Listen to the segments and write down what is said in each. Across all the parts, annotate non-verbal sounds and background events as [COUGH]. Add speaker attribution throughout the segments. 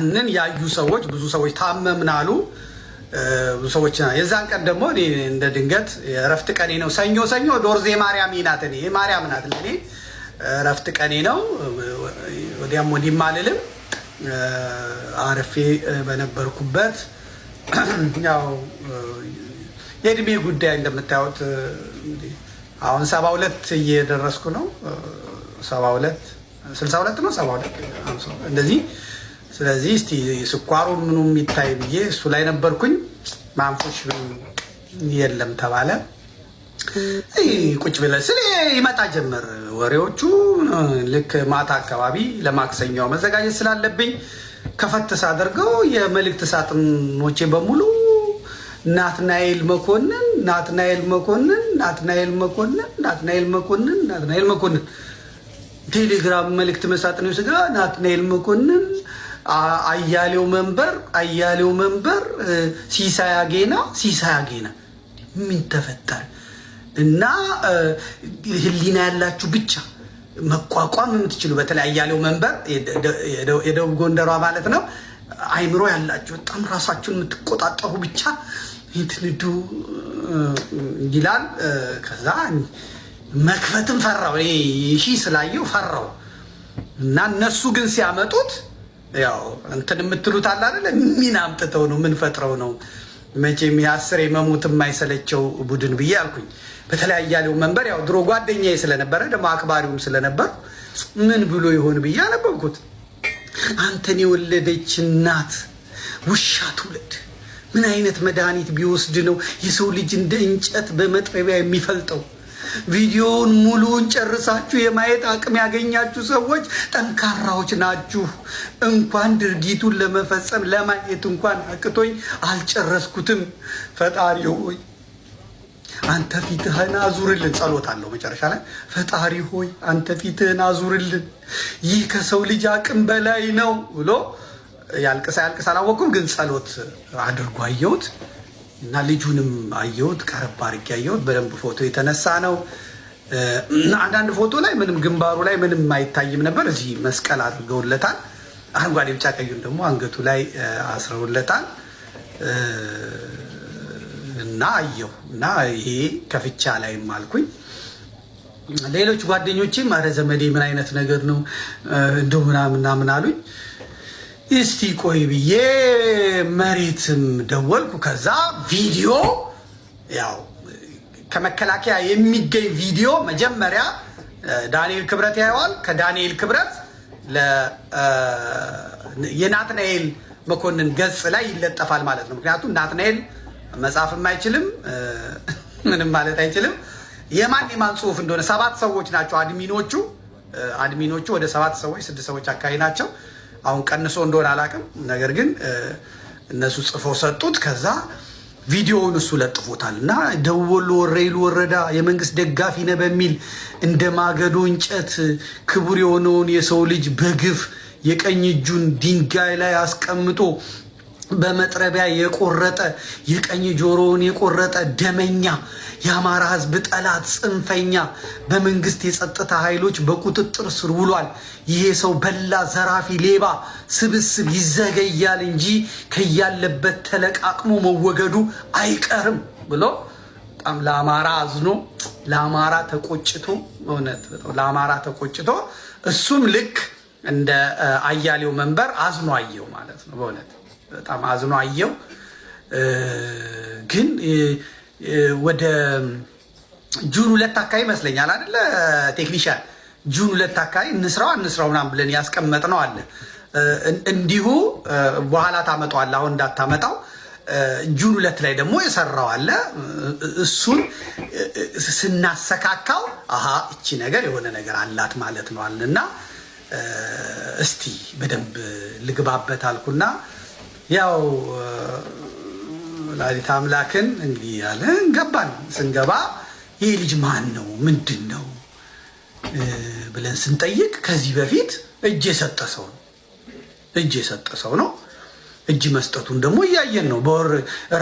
Speaker 1: ያንን ያዩ ሰዎች ብዙ ሰዎች ታመምናሉ። ብዙ ሰዎች የዛን ቀን ደግሞ እንደ ድንገት እረፍት ቀኔ ነው። ሰኞ ሰኞ ዶርዜ ማርያም ናት፣ እኔ ማርያም ናት ለእኔ እረፍት ቀኔ ነው። ወዲያም ወዲህም አልልም። አረፌ በነበርኩበት [CLEARS THROAT] ያው የእድሜ ጉዳይ እንደምታዩት አሁን ሰባ ሁለት እየደረስኩ ነው። ሰባ ሁለት ስልሳ ሁለት ነው ሰባ ሁለት እንደዚህ ስለዚህ እስቲ ስኳሩ ምኑ የሚታይ ብዬ እሱ ላይ ነበርኩኝ። ማንፎች የለም ተባለ። ቁጭ ብለን ስለ ይመጣ ጀመር ወሬዎቹ። ልክ ማታ አካባቢ ለማክሰኛው መዘጋጀት ስላለብኝ ከፈትስ አድርገው የመልእክት ሳጥኖቼ በሙሉ ናትናኤል መኮንን፣ ናትናኤል መኮንን፣ ናትናኤል መኮንን፣ ናትናኤል መኮንን፣ ናትናኤል መኮንን ቴሌግራም መልእክት መሳጥን ስጋ ናትናኤል መኮንን አያሌው መንበር አያሌው መንበር ሲሳይ አጌና ሲሳይ አጌና ምን ተፈጠረ? እና ህሊና ያላችሁ ብቻ መቋቋም የምትችሉ በተለይ አያሌው መንበር የደቡብ ጎንደሯ ማለት ነው። አይምሮ ያላችሁ በጣም ራሳችሁን የምትቆጣጠሩ ብቻ ትንዱ ይላል። ከዛ መክፈትም ፈራው ይሺ ስላየው ፈራው እና እነሱ ግን ሲያመጡት ያው እንትን የምትሉት አለ አይደል? ምን አምጥተው ነው ምን ፈጥረው ነው? መቼም የአስር የመሞት የማይሰለቸው ቡድን ብዬ አልኩኝ። በተለያየ ያለው መንበር ያው ድሮ ጓደኛዬ ስለነበረ ደግሞ አክባሪውም ስለነበር ምን ብሎ ይሆን ብዬ አነበብኩት። አንተን የወለደች እናት ውሻ ትውለድ። ምን አይነት መድኃኒት ቢወስድ ነው የሰው ልጅ እንደ እንጨት በመጥረቢያ የሚፈልጠው? ቪዲዮውን ሙሉውን ጨርሳችሁ የማየት አቅም ያገኛችሁ ሰዎች ጠንካራዎች ናችሁ። እንኳን ድርጊቱን ለመፈጸም ለማየት እንኳን አቅቶኝ አልጨረስኩትም። ፈጣሪ ሆይ አንተ ፊትህን አዙርልን። ጸሎት አለው መጨረሻ ላይ ፈጣሪ ሆይ አንተ ፊትህን አዙርልን፣ ይህ ከሰው ልጅ አቅም በላይ ነው ብሎ ያልቅሳ ያልቅሳ አላወቅኩም፣ ግን ጸሎት አድርጎ አየሁት። እና ልጁንም አየሁት፣ ቀረብ አድርጌ አየሁት። በደንብ ፎቶ የተነሳ ነው። አንዳንድ ፎቶ ላይ ምንም ግንባሩ ላይ ምንም አይታይም ነበር። እዚህ መስቀል አድርገውለታል። አረንጓዴ፣ ቢጫ ቀዩን ደግሞ አንገቱ ላይ አስረውለታል። እና አየሁ እና ይሄ ከፍቻ ላይም አልኩኝ። ሌሎች ጓደኞቼም አረ ዘመዴ ምን አይነት ነገር ነው እንደው ምናምን ምናምን አሉኝ። እስቲ ቆይ ብዬ መሬትም ደወልኩ። ከዛ ቪዲዮ ያው ከመከላከያ የሚገኝ ቪዲዮ መጀመሪያ ዳንኤል ክብረት ያየዋል። ከዳንኤል ክብረት የናትናኤል መኮንን ገጽ ላይ ይለጠፋል ማለት ነው። ምክንያቱም ናትናኤል መጻፍም አይችልም ምንም ማለት አይችልም። የማን የማን ጽሁፍ እንደሆነ ሰባት ሰዎች ናቸው አድሚኖቹ አድሚኖቹ ወደ ሰባት ሰዎች ስድስት ሰዎች አካባቢ ናቸው። አሁን ቀንሶ እንደሆነ አላውቅም። ነገር ግን እነሱ ጽፈው ሰጡት። ከዛ ቪዲዮውን እሱ ለጥፎታል እና ደቡብ ወሎ ወረዳ የመንግስት ደጋፊ ነህ በሚል እንደ ማገዶ እንጨት ክቡር የሆነውን የሰው ልጅ በግፍ የቀኝ እጁን ድንጋይ ላይ አስቀምጦ በመጥረቢያ የቆረጠ የቀኝ ጆሮውን የቆረጠ ደመኛ የአማራ ህዝብ ጠላት ጽንፈኛ በመንግስት የጸጥታ ኃይሎች በቁጥጥር ስር ውሏል። ይሄ ሰው በላ ዘራፊ፣ ሌባ ስብስብ ይዘገያል እንጂ ከያለበት ተለቃቅሞ መወገዱ አይቀርም ብሎ በጣም ለአማራ አዝኖ ለአማራ ተቆጭቶ እውነት ለአማራ ተቆጭቶ እሱም ልክ እንደ አያሌው መንበር አዝኖ አየው ማለት ነው። በእውነት በጣም አዝኖ አየው ግን ወደ ጁን ሁለት አካባቢ ይመስለኛል አይደለ ቴክኒሻን ጁን ሁለት አካባቢ እንስራው እንስራው ምናምን ብለን ነው አለ። እንዲሁ በኋላ ታመጣዋለህ፣ አሁን እንዳታመጣው። ጁን ሁለት ላይ ደግሞ የሰራው አለ። እሱን ስናሰካካው አሀ እቺ ነገር የሆነ ነገር አላት ማለት ነው አለና እስቲ በደንብ ልግባበት አልኩና ያው ወላዲተ አምላክን እንግዲህ ያለን ገባን። ስንገባ ይህ ልጅ ማን ነው ምንድን ነው ብለን ስንጠይቅ ከዚህ በፊት እጅ የሰጠ ሰው ነው። እጅ የሰጠ ሰው ነው። እጅ መስጠቱን ደግሞ እያየን ነው። በወር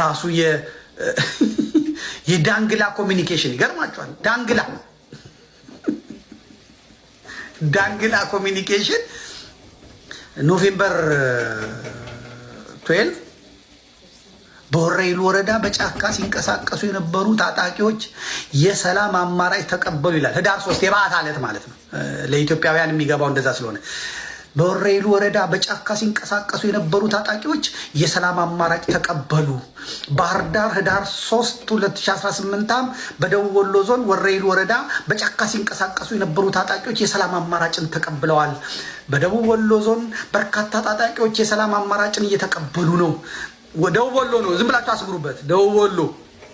Speaker 1: ራሱ [LAUGHS] የዳንግላ ኮሚኒኬሽን ይገርማቸዋል። ዳንግላ [LAUGHS] ዳንግላ ኮሚኒኬሽን ኖቬምበር 12 በወረኢሉ ወረዳ በጫካ ሲንቀሳቀሱ የነበሩ ታጣቂዎች የሰላም አማራጭ ተቀበሉ ይላል። ህዳር ሶስት የባዓት ዕለት ማለት ነው። ለኢትዮጵያውያን የሚገባው እንደዛ ስለሆነ በወረኢሉ ወረዳ በጫካ ሲንቀሳቀሱ የነበሩ ታጣቂዎች የሰላም አማራጭ ተቀበሉ። ባህር ዳር ህዳር 3 2018 ዓ.ም በደቡብ ወሎ ዞን ወረኢሉ ወረዳ በጫካ ሲንቀሳቀሱ የነበሩ ታጣቂዎች የሰላም አማራጭን ተቀብለዋል። በደቡብ ወሎ ዞን በርካታ ታጣቂዎች የሰላም አማራጭን እየተቀበሉ ነው። ደቡብ ወሎ ነው። ዝም ብላችሁ አስምሩበት። ደቡብ ወሎ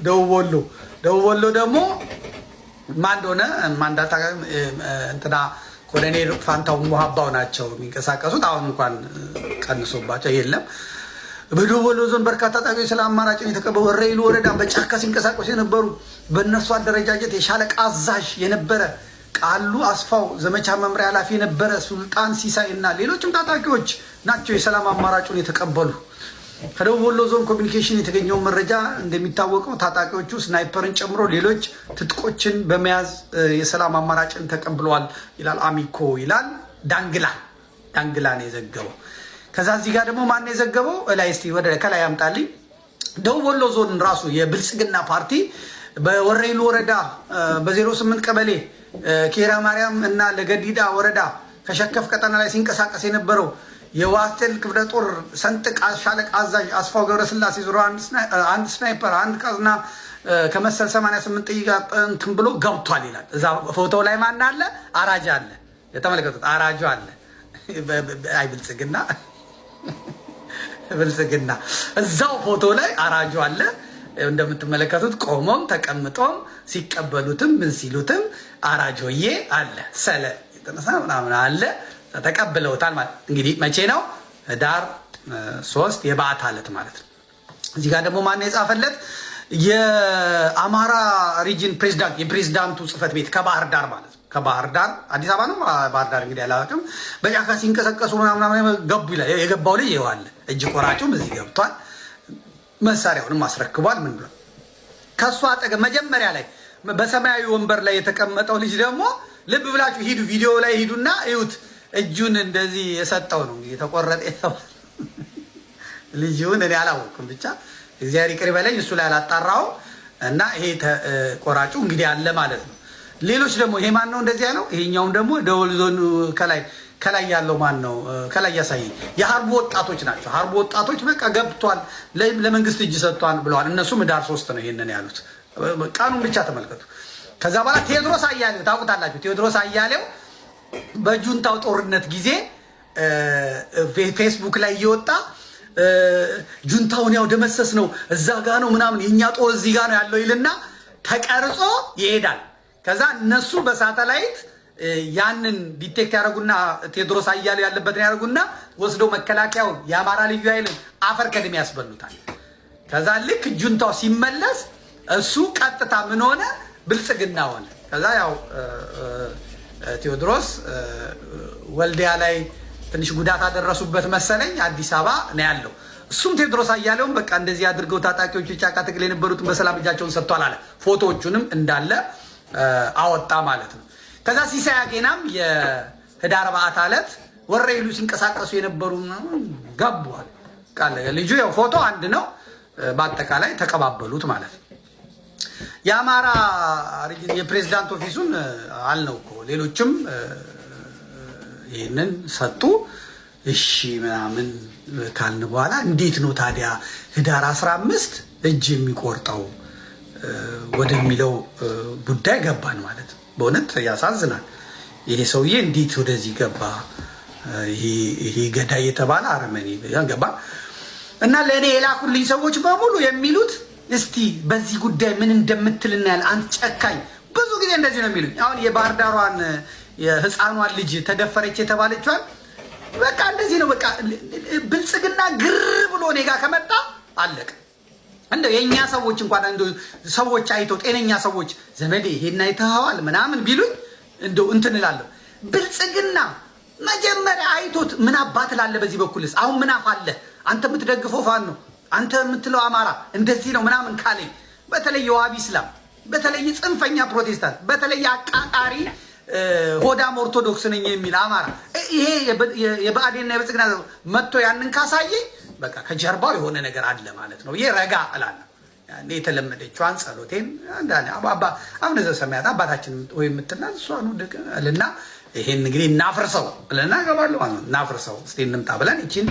Speaker 1: ደቡብ ወሎ ደቡብ ወሎ ደግሞ ማን እንደሆነ ማንዳታ እንትና ኮሎኔል ፋንታው ሙሀባው ናቸው የሚንቀሳቀሱት። አሁን እንኳን ቀንሶባቸው የለም። በደቡብ ወሎ ዞን በርካታ ጣቢያዎች ስለ አማራጭን የተቀበሉ ሬይሉ ወረዳ በጫካ ሲንቀሳቀሱ የነበሩ በእነሱ አደረጃጀት የሻለቃ አዛዥ የነበረ ቃሉ አስፋው ዘመቻ መምሪያ ኃላፊ የነበረ ሱልጣን ሲሳይ እና ሌሎችም ታጣቂዎች ናቸው የሰላም አማራጩን የተቀበሉ። ከደቡብ ወሎ ዞን ኮሚኒኬሽን የተገኘውን መረጃ እንደሚታወቀው ታጣቂዎቹ ስናይፐርን ጨምሮ ሌሎች ትጥቆችን በመያዝ የሰላም አማራጭን ተቀብለዋል ይላል አሚኮ ይላል። ዳንግላ ዳንግላ ነው የዘገበው። ከዛ እዚህ ጋር ደግሞ ማን የዘገበው ላይ እስኪ ወደ ከላይ ያምጣልኝ። ደቡብ ወሎ ዞን ራሱ የብልጽግና ፓርቲ በወረይሉ ወረዳ በ08 ቀበሌ ኬራ ማርያም እና ለገዲዳ ወረዳ ከሸከፍ ቀጠና ላይ ሲንቀሳቀስ የነበረው የዋቴል ክፍለ ጦር ሰንጥቅ ሻለቃ አዛዥ አስፋው ገብረስላሴ ዙሮ አንድ ስናይፐር አንድ ቀዝና ከመሰል 88 ጥይት እንትን ብሎ ገብቷል ይላል። እዛ ፎቶ ላይ ማን አለ? አራጅ አለ። የተመለከቱት አራጁ አለ። አይ ብልጽግና [LAUGHS] ብልጽግና እዛው ፎቶ ላይ አራጁ አለ። እንደምትመለከቱት ቆሞም ተቀምጦም ሲቀበሉትም ምን ሲሉትም አራጆዬ አለ ሰለ የተነሳ ምናምን አለ። ተቀብለውታል ማለት እንግዲህ መቼ ነው ህዳር ሶስት የበዓታ ዕለት ማለት ነው እዚህ ጋር ደግሞ ማነው የጻፈለት የአማራ ሪጅን ፕሬዚዳንት የፕሬዚዳንቱ ጽህፈት ቤት ከባህር ዳር ማለት ነው ከባህር ዳር አዲስ አበባ ነው ባህር ዳር እንግዲህ አላውቅም በጫካ ሲንቀሳቀሱ ምናምን ገቡ ይላል የገባው ልጅ ይዋለ እጅ ቆራጩም እዚህ ገብቷል መሳሪያውንም አስረክቧል ምን ብሏል ከእሱ አጠገብ መጀመሪያ ላይ በሰማያዊ ወንበር ላይ የተቀመጠው ልጅ ደግሞ ልብ ብላችሁ ሂዱ ቪዲዮ ላይ ሂዱና እዩት እጁን እንደዚህ የሰጠው ነው የተቆረጠ ተቆረጠ የተባለ ልጅውን እኔ አላወቅኩም። ብቻ እግዚአብሔር ይቅር በለኝ እሱ ላይ አላጣራው እና ይሄ ቆራጩ እንግዲህ አለ ማለት ነው። ሌሎች ደግሞ ይሄ ማን ነው እንደዚህ ያለው? ይሄኛውም ደግሞ ደወል ዞን ከላይ ከላይ ያለው ማን ነው? ከላይ ያሳይ የሀርቡ ወጣቶች ናቸው። ሀርቡ ወጣቶች በቃ ገብቷል፣ ለመንግስት እጅ ሰጥቷል ብለዋል። እነሱም ህዳር ሶስት ነው ይሄንን ያሉት። ቀኑን ብቻ ተመልከቱ። ከዛ በኋላ ቴዎድሮስ አያሌው ታውቁታላችሁ። ቴዎድሮስ አያሌው በጁንታው ጦርነት ጊዜ ፌስቡክ ላይ እየወጣ ጁንታውን ያው ደመሰስ ነው እዛ ጋ ነው ምናምን የእኛ ጦር እዚህ ጋ ነው ያለው ይልና ተቀርጾ ይሄዳል። ከዛ እነሱ በሳተላይት ያንን ዲቴክት ያደረጉና ቴዎድሮስ አያሌው ያለበትን ያደረጉና ወስደው መከላከያውን የአማራ ልዩ ኃይልን አፈር ከድሜ ያስበሉታል። ከዛ ልክ ጁንታው ሲመለስ እሱ ቀጥታ ምን ሆነ? ብልጽግና ሆነ። ከዛ ያው ቴዎድሮስ ወልዲያ ላይ ትንሽ ጉዳት አደረሱበት መሰለኝ። አዲስ አበባ ነው ያለው። እሱም ቴዎድሮስ አያሌውም በቃ እንደዚህ አድርገው ታጣቂዎች የጫካ ትግል የነበሩትን በሰላም እጃቸውን ሰጥቷል አለ። ፎቶዎቹንም እንዳለ አወጣ ማለት ነው። ከዛ ሲሳይ አጌናም የህዳር በዓት ዕለት ወረኢሉ ሲንቀሳቀሱ የነበሩ ገቧል። ልጁ ያው ፎቶ አንድ ነው። በአጠቃላይ ተቀባበሉት ማለት ነው። የአማራ የፕሬዚዳንት ኦፊሱን አልነው እኮ ሌሎችም ይህንን ሰጡ። እሺ ምናምን ካልን በኋላ እንዴት ነው ታዲያ ህዳር 15 እጅ የሚቆርጠው ወደሚለው ጉዳይ ገባን ማለት ነው። በእውነት ያሳዝናል። ይሄ ሰውዬ እንዴት ወደዚህ ገባ? ይሄ ገዳይ የተባለ አረመኔ ገባ እና ለእኔ የላኩልኝ ሰዎች በሙሉ የሚሉት እስቲ በዚህ ጉዳይ ምን እንደምትል እናያል። አንተ ጨካኝ፣ ብዙ ጊዜ እንደዚህ ነው የሚሉኝ። አሁን የባህር ዳሯን የህፃኗን ልጅ ተደፈረች የተባለችዋል። በቃ እንደዚህ ነው። በቃ ብልጽግና ግር ብሎ እኔ ከመጣ አለቀ። እንደ የእኛ ሰዎች እንኳን እንደው ሰዎች አይተው ጤነኛ ሰዎች ዘመዴ ይሄና አይተኸዋል ምናምን ቢሉኝ እንደው እንትን እላለሁ። ብልጽግና መጀመሪያ አይቶት ምን አባት ላለ በዚህ በኩልስ አሁን ምን አፍ አለ አንተ የምትደግፈው ፋን ነው አንተ የምትለው አማራ እንደዚህ ነው ምናምን ካለኝ በተለይ የዋቢ ስላም፣ በተለይ ጽንፈኛ ፕሮቴስታንት በተለይ አቃጣሪ ሆዳም ኦርቶዶክስ ነኝ የሚል አማራ ይሄ የብአዴንና የብልጽግና መጥቶ ያንን ካሳየኝ በቃ ከጀርባው የሆነ ነገር አለ ማለት ነው። ይሄ ረጋ እላለሁ። የተለመደችዋን ጸሎቴን አሁን ዘ ሰማያት አባታችን ወይ የምትላል እሷኑ ልና ይሄን እንግዲህ እናፍርሰው ብለና ገባለሁ ማለት ነው። እናፍርሰው እስቲ እንምጣ ብለን ይችን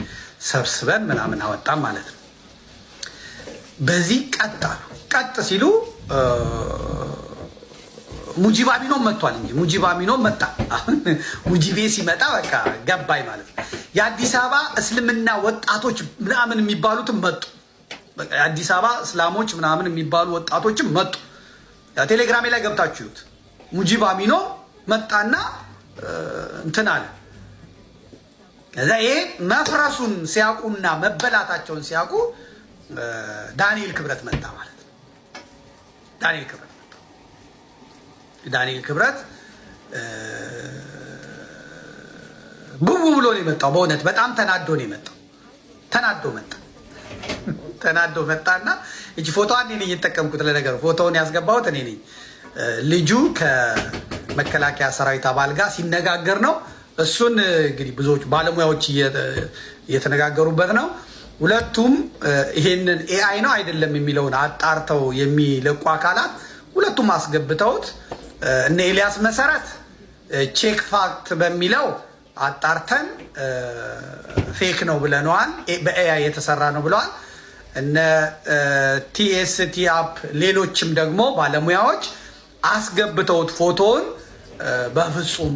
Speaker 1: ሰብስበን ምናምን አወጣም ማለት ነው። በዚህ ቀጥ አሉ። ቀጥ ሲሉ ሙጂብ አሚኖም መጥቷል እንጂ ሙጂብ አሚኖም መጣ። አሁን ሙጂቤ ሲመጣ በቃ ገባኝ ማለት ነው። የአዲስ አበባ እስልምና ወጣቶች ምናምን የሚባሉትም መጡ። የአዲስ አበባ እስላሞች ምናምን የሚባሉ ወጣቶችም መጡ። ቴሌግራሜ ላይ ገብታችሁት ሙጂብ አሚኖ መጣና እንትን አለ። ከዛ ይሄ መፍረሱን ሲያውቁና መበላታቸውን ሲያውቁ ዳንኤል ክብረት መጣ ማለት ነው። ዳንኤል ክብረት መጣ። ዳንኤል ክብረት ቡቡ ብሎ ነው የመጣው። በእውነት በጣም ተናዶ ነው የመጣው። ተናዶ መጣ። ተናዶ መጣና እጅ ፎቶ እኔ ነኝ የተጠቀምኩት። ለነገሩ ፎቶውን ያስገባሁት እኔ ነኝ። ልጁ ከመከላከያ ሰራዊት አባል ጋር ሲነጋገር ነው። እሱን እንግዲህ ብዙዎች ባለሙያዎች እየተነጋገሩበት ነው። ሁለቱም ይሄንን ኤአይ ነው አይደለም የሚለውን አጣርተው የሚለቁ አካላት ሁለቱም አስገብተውት እነ ኤልያስ መሰረት ቼክ ፋክት በሚለው አጣርተን ፌክ ነው ብለነዋል፣ በኤአይ የተሰራ ነው ብለዋል። እነ ቲኤስቲ አፕ ሌሎችም ደግሞ ባለሙያዎች አስገብተውት ፎቶውን በፍጹም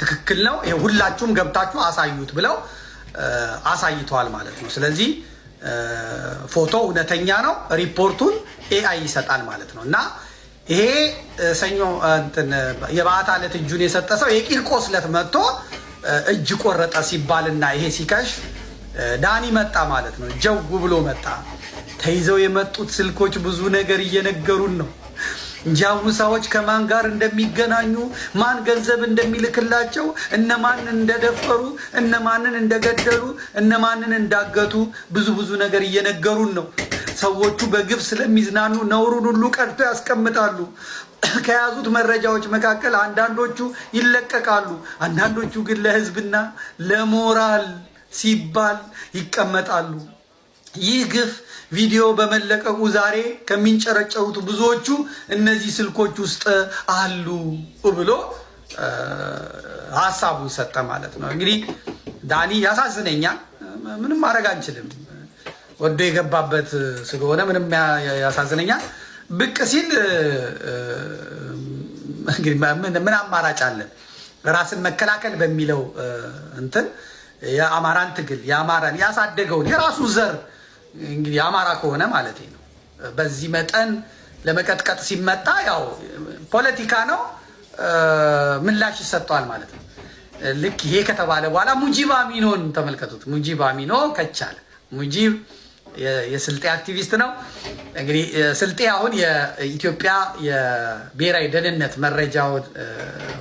Speaker 1: ትክክል ነው፣ ሁላችሁም ገብታችሁ አሳዩት ብለው አሳይተዋል ማለት ነው። ስለዚህ ፎቶ እውነተኛ ነው፣ ሪፖርቱን ኤአይ ይሰጣል ማለት ነው እና ይሄ ሰኞ የባዕታ ዕለት እጁን የሰጠ ሰው የቂርቆስ ዕለት መጥቶ እጅ ቆረጠ ሲባልና ይሄ ሲከሽ ዳኒ መጣ ማለት ነው። ጀው ብሎ መጣ። ተይዘው የመጡት ስልኮች ብዙ ነገር እየነገሩን ነው። ጃውሳዎች ከማን ጋር እንደሚገናኙ ማን ገንዘብ እንደሚልክላቸው እነማንን እንደደፈሩ እነማንን እንደገደሉ እነማንን እንዳገቱ ብዙ ብዙ ነገር እየነገሩን ነው። ሰዎቹ በግፍ ስለሚዝናኑ ነውሩን ሁሉ ቀድቶ ያስቀምጣሉ። ከያዙት መረጃዎች መካከል አንዳንዶቹ ይለቀቃሉ፣ አንዳንዶቹ ግን ለሕዝብና ለሞራል ሲባል ይቀመጣሉ። ይህ ግፍ ቪዲዮ በመለቀቁ ዛሬ ከሚንጨረጨሩት ብዙዎቹ እነዚህ ስልኮች ውስጥ አሉ ብሎ ሀሳቡ ሰጠ ማለት ነው። እንግዲህ ዳኒ ያሳዝነኛል። ምንም ማድረግ አንችልም። ወዶ የገባበት ስለሆነ ምንም ያሳዝነኛል። ብቅ ሲል ምን አማራጭ አለ ራስን መከላከል በሚለው እንትን የአማራን ትግል የአማራን ያሳደገውን የራሱ ዘር እንግዲህ አማራ ከሆነ ማለት ነው። በዚህ መጠን ለመቀጥቀጥ ሲመጣ ያው ፖለቲካ ነው፣ ምላሽ ይሰጠዋል ማለት ነው። ልክ ይሄ ከተባለ በኋላ ሙጂብ አሚኖን ተመልከቱት። ሙጂብ አሚኖ ከቻለ ሙጂብ የስልጤ አክቲቪስት ነው። እንግዲህ ስልጤ አሁን የኢትዮጵያ የብሔራዊ ደህንነት መረጃው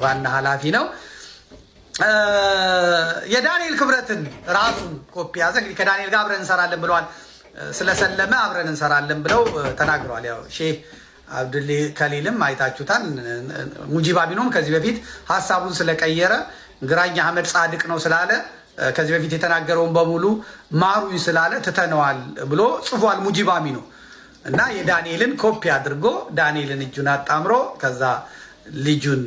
Speaker 1: ዋና ኃላፊ ነው። የዳንኤል ክብረትን ራሱን ኮፒ ያዘ። እንግዲህ ከዳንኤል ጋር አብረን እንሰራለን ብለዋል። ስለሰለመ አብረን እንሰራለን ብለው ተናግረዋል። ያው ሼህ አብድል ከሊልም አይታችሁታል። ሙጂባ ቢኖም ከዚህ በፊት ሀሳቡን ስለቀየረ ግራኝ አህመድ ጻድቅ ነው ስላለ ከዚህ በፊት የተናገረውን በሙሉ ማሩኝ ስላለ ትተነዋል ብሎ ጽፏል። ሙጂባ ሚኖ እና የዳንኤልን ኮፒ አድርጎ ዳንኤልን እጁን አጣምሮ ከዛ ልጁን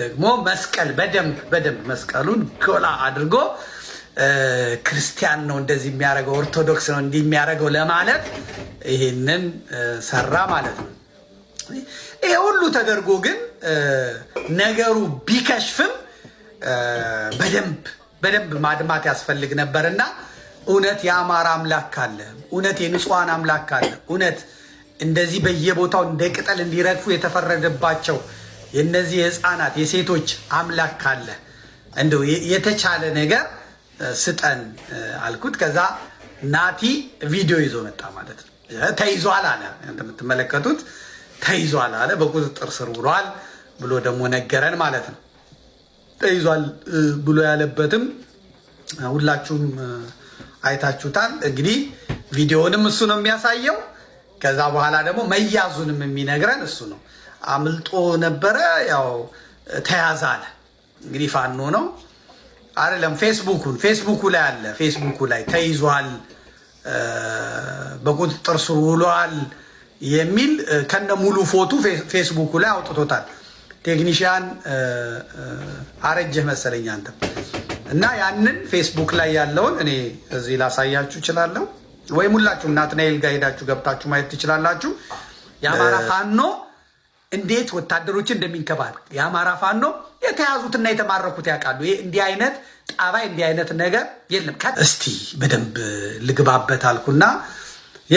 Speaker 1: ደግሞ መስቀል በደንብ በደንብ መስቀሉን ጎላ አድርጎ ክርስቲያን ነው እንደዚህ የሚያደርገው፣ ኦርቶዶክስ ነው እንዲህ የሚያደርገው ለማለት ይህንን ሰራ ማለት ነው። ይሄ ሁሉ ተደርጎ ግን ነገሩ ቢከሽፍም በደንብ በደንብ ማድማት ያስፈልግ ነበርና እውነት የአማራ አምላክ አለ፣ እውነት የንጹሐን አምላክ አለ፣ እውነት እንደዚህ በየቦታው እንደ ቅጠል እንዲረግፉ የተፈረደባቸው የነዚህ የህፃናት የሴቶች አምላክ አለ። እንደው የተቻለ ነገር ስጠን አልኩት። ከዛ ናቲ ቪዲዮ ይዞ መጣ ማለት ነው። ተይዟል አለ፣ እንደምትመለከቱት ተይዟል አለ፣ በቁጥጥር ስር ውሏል ብሎ ደግሞ ነገረን ማለት ነው። ተይዟል ብሎ ያለበትም ሁላችሁም አይታችሁታል። እንግዲህ ቪዲዮውንም እሱ ነው የሚያሳየው። ከዛ በኋላ ደግሞ መያዙንም የሚነግረን እሱ ነው። አምልጦ ነበረ ያው ተያዘ አለ። እንግዲህ ፋኖ ነው አይደለም ፌስቡኩን ፌስቡኩ ላይ አለ። ፌስቡኩ ላይ ተይዟል፣ በቁጥጥር ስር ውሏል የሚል ከነ ሙሉ ፎቱ ፌስቡኩ ላይ አውጥቶታል። ቴክኒሽያን አረጀህ መሰለኝ አንተ እና ያንን ፌስቡክ ላይ ያለውን እኔ እዚህ ላሳያችሁ እችላለሁ፣ ወይም ሁላችሁም ናትናኤል ጋር ሄዳችሁ ገብታችሁ ማየት ትችላላችሁ። የአማራ ፋኖ እንዴት ወታደሮችን እንደሚንከባል የአማራ ፋኖ የተያዙትና የተማረኩት ያውቃሉ። እንዲህ አይነት ጣባይ እንዲህ አይነት ነገር የለም። እስቲ በደንብ ልግባበት አልኩና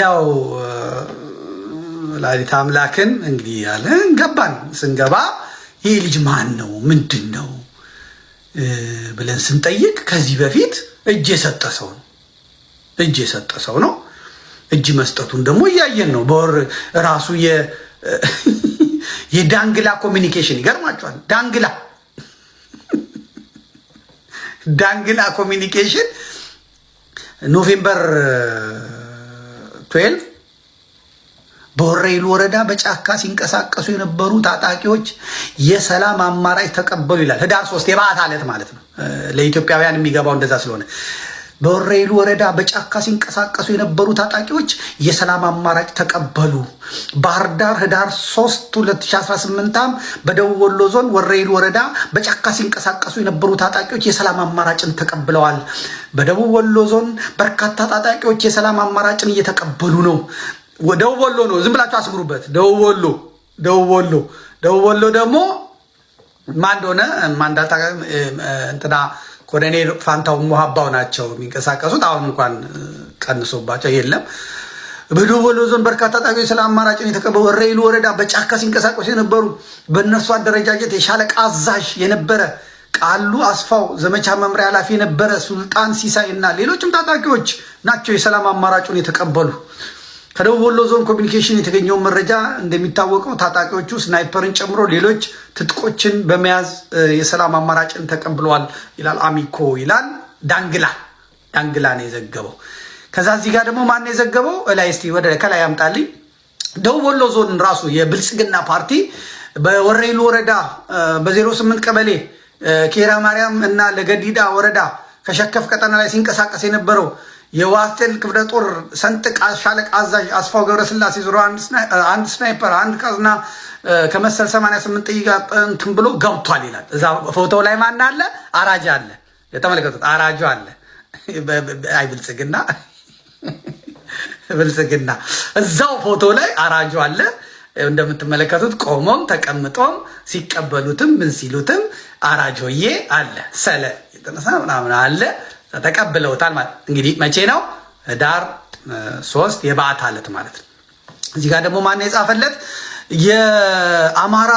Speaker 1: ያው ላሊት አምላክን እንግዲህ ያለን ገባን። ስንገባ ይህ ልጅ ማን ነው ምንድን ነው ብለን ስንጠይቅ ከዚህ በፊት እጅ የሰጠ ሰው ነው። እጅ የሰጠ ሰው ነው። እጅ መስጠቱን ደግሞ እያየን ነው። በወር ራሱ [LAUGHS] የዳንግላ ኮሚኒኬሽን ይገርማቸዋል። ዳንግላ ዳንግላ ኮሚኒኬሽን ኖቬምበር 12 በወረኢሉ ወረዳ በጫካ ሲንቀሳቀሱ የነበሩ ታጣቂዎች የሰላም አማራጭ ተቀበሉ ይላል። ህዳር ሶስት የበዓት ዕለት ማለት ነው። ለኢትዮጵያውያን የሚገባው እንደዛ ስለሆነ በወረኢሉ ወረዳ በጫካ ሲንቀሳቀሱ የነበሩ ታጣቂዎች የሰላም አማራጭ ተቀበሉ። ባህር ዳር ህዳር 3 2018 ዓ.ም በደቡብ ወሎ ዞን ወረኢሉ ወረዳ በጫካ ሲንቀሳቀሱ የነበሩ ታጣቂዎች የሰላም አማራጭን ተቀብለዋል። በደቡብ ወሎ ዞን በርካታ ታጣቂዎች የሰላም አማራጭን እየተቀበሉ ነው። ደቡብ ወሎ ነው፣ ዝም ብላችሁ አስምሩበት። ደቡብ ወሎ ደቡብ ወሎ ደቡብ ወሎ ደግሞ ማን እንደሆነ እንትና ኮሎኔል ፋንታው ሙሀባው ናቸው የሚንቀሳቀሱት። አሁን እንኳን ቀንሶባቸው የለም። በደቡብ ዞን በርካታ ታጣቂዎች ስለ አማራጭን የተቀበሉ ሬይሉ ወረዳ በጫካ ሲንቀሳቀሱ የነበሩ በእነሱ አደረጃጀት የሻለቃ አዛዥ የነበረ ቃሉ አስፋው ዘመቻ መምሪያ ኃላፊ የነበረ ሱልጣን ሲሳይ እና ሌሎችም ታጣቂዎች ናቸው የሰላም አማራጩን የተቀበሉ። ከደቡብ ወሎ ዞን ኮሚኒኬሽን የተገኘውን መረጃ እንደሚታወቀው ታጣቂዎቹ ስናይፐርን ጨምሮ ሌሎች ትጥቆችን በመያዝ የሰላም አማራጭን ተቀብለዋል ይላል አሚኮ ይላል ዳንግላ ዳንግላ ነው የዘገበው። ከዛ እዚህ ጋር ደግሞ ማን የዘገበው ላይ እስቲ ወደ ከላይ ያምጣልኝ። ደቡብ ወሎ ዞን ራሱ የብልጽግና ፓርቲ በወረይሉ ወረዳ በ08 ቀበሌ ኬራ ማርያም እና ለገዲዳ ወረዳ ከሸከፍ ቀጠና ላይ ሲንቀሳቀስ የነበረው የዋስቴል ክፍለ ጦር ሰንጥቅ ሻለቃ አዛዥ አስፋው ገብረስላሴ ዙሮ አንድ ስናይፐር አንድ ቀዝና ከመሰል 88 ጥይት እንትን ብሎ ገብቷል ይላል። እዛ ፎቶ ላይ ማን አለ? አራጅ አለ። የተመለከቱት አራጁ አለ። አይ ብልጽግና [LAUGHS] ብልጽግና እዛው ፎቶ ላይ አራጁ አለ። እንደምትመለከቱት ቆሞም ተቀምጦም ሲቀበሉትም ምን ሲሉትም አራጆዬ አለ ሰለ የተነሳ ምናምን አለ። ተቀብለውታል ማለት እንግዲህ መቼ ነው ዳር ሶስት የበዓት አለት ማለት ነው። እዚህ ጋር ደግሞ ማነው የጻፈለት? የአማራ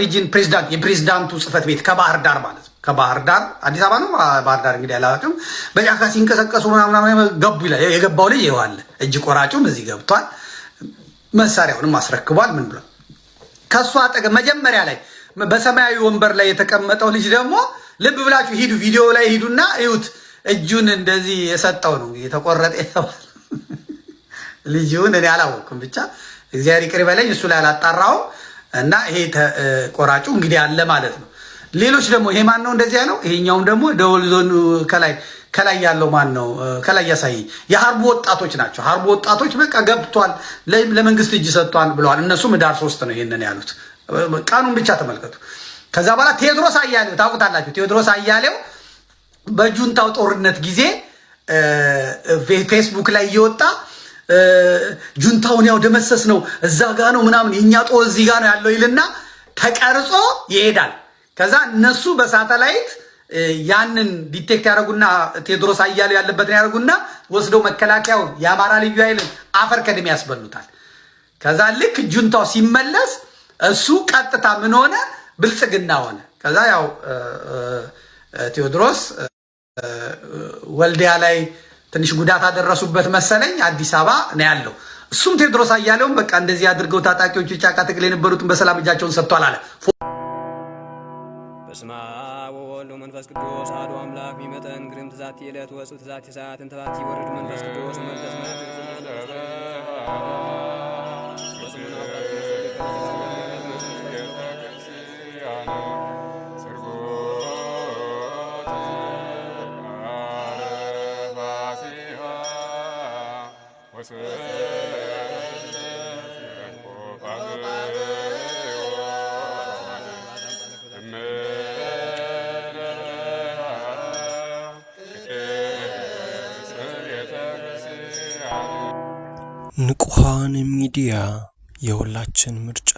Speaker 1: ሪጅን ፕሬዚዳንት የፕሬዚዳንቱ ጽህፈት ቤት ከባህር ዳር ማለት ነው። ከባህር ዳር አዲስ አበባ ነው። ባህር ዳር እንግዲህ አላውቅም። በጫካ ሲንቀሰቀሱ ምናምና ገቡ ይላል። የገባው ልጅ ይዋለ እጅ ቆራጩም እዚህ ገብቷል። መሳሪያውንም አስረክቧል። ምን ብሏል? ከእሱ አጠገብ መጀመሪያ ላይ በሰማያዊ ወንበር ላይ የተቀመጠው ልጅ ደግሞ ልብ ብላችሁ ሂዱ፣ ቪዲዮ ላይ ሂዱና እዩት። እጁን እንደዚህ የሰጠው ነው የተቆረጠ የተባለ ልጅውን እኔ አላወቅኩም። ብቻ እግዚአብሔር ይቅር በለኝ እሱ ላይ አላጣራውም። እና ይሄ ቆራጩ እንግዲህ አለ ማለት ነው። ሌሎች ደግሞ ይሄ ማን ነው እንደዚህ ነው። ይሄኛውም ደግሞ ደወል ዞን ከላይ ከላይ ያለው ማን ነው? ከላይ ያሳይ የሀርቡ ወጣቶች ናቸው። ሀርቡ ወጣቶች በቃ ገብቷል፣ ለመንግስት እጅ ሰጥቷል ብለዋል። እነሱም ዳር ሶስት ነው ይህንን ያሉት። ቀኑን ብቻ ተመልከቱ። ከዛ በኋላ ቴዎድሮስ አያሌው ታውቁታላችሁ። ቴዎድሮስ አያሌው በጁንታው ጦርነት ጊዜ ፌስቡክ ላይ እየወጣ ጁንታውን ያው ደመሰስ ነው እዛ ጋ ነው ምናምን የእኛ ጦር እዚህ ጋ ነው ያለው ይልና ተቀርጾ ይሄዳል። ከዛ እነሱ በሳተላይት ያንን ዲቴክት ያደረጉና ቴዎድሮስ አያሌው ያለበትን ያደረጉና ወስደው መከላከያውን የአማራ ልዩ ኃይልን አፈር ከድሜ ያስበሉታል። ከዛ ልክ ጁንታው ሲመለስ እሱ ቀጥታ ምን ሆነ? ብልጽግና ሆነ። ከዛ ያው ቴዎድሮስ ወልዲያ ላይ ትንሽ ጉዳት አደረሱበት መሰለኝ። አዲስ አበባ ነው ያለው። እሱም ቴዎድሮስ አያሌውም በቃ እንደዚህ አድርገው ታጣቂዎቹ የጫካ ትግል የነበሩትን በሰላም እጃቸውን ሰጥቷል አለ። በስመ አብ ወወልድ ወመንፈስ ቅዱስ አሐዱ አምላክ ግርም መንፈስ ቅዱስ መንፈስ ሚዲያ የሁላችን ምርጫ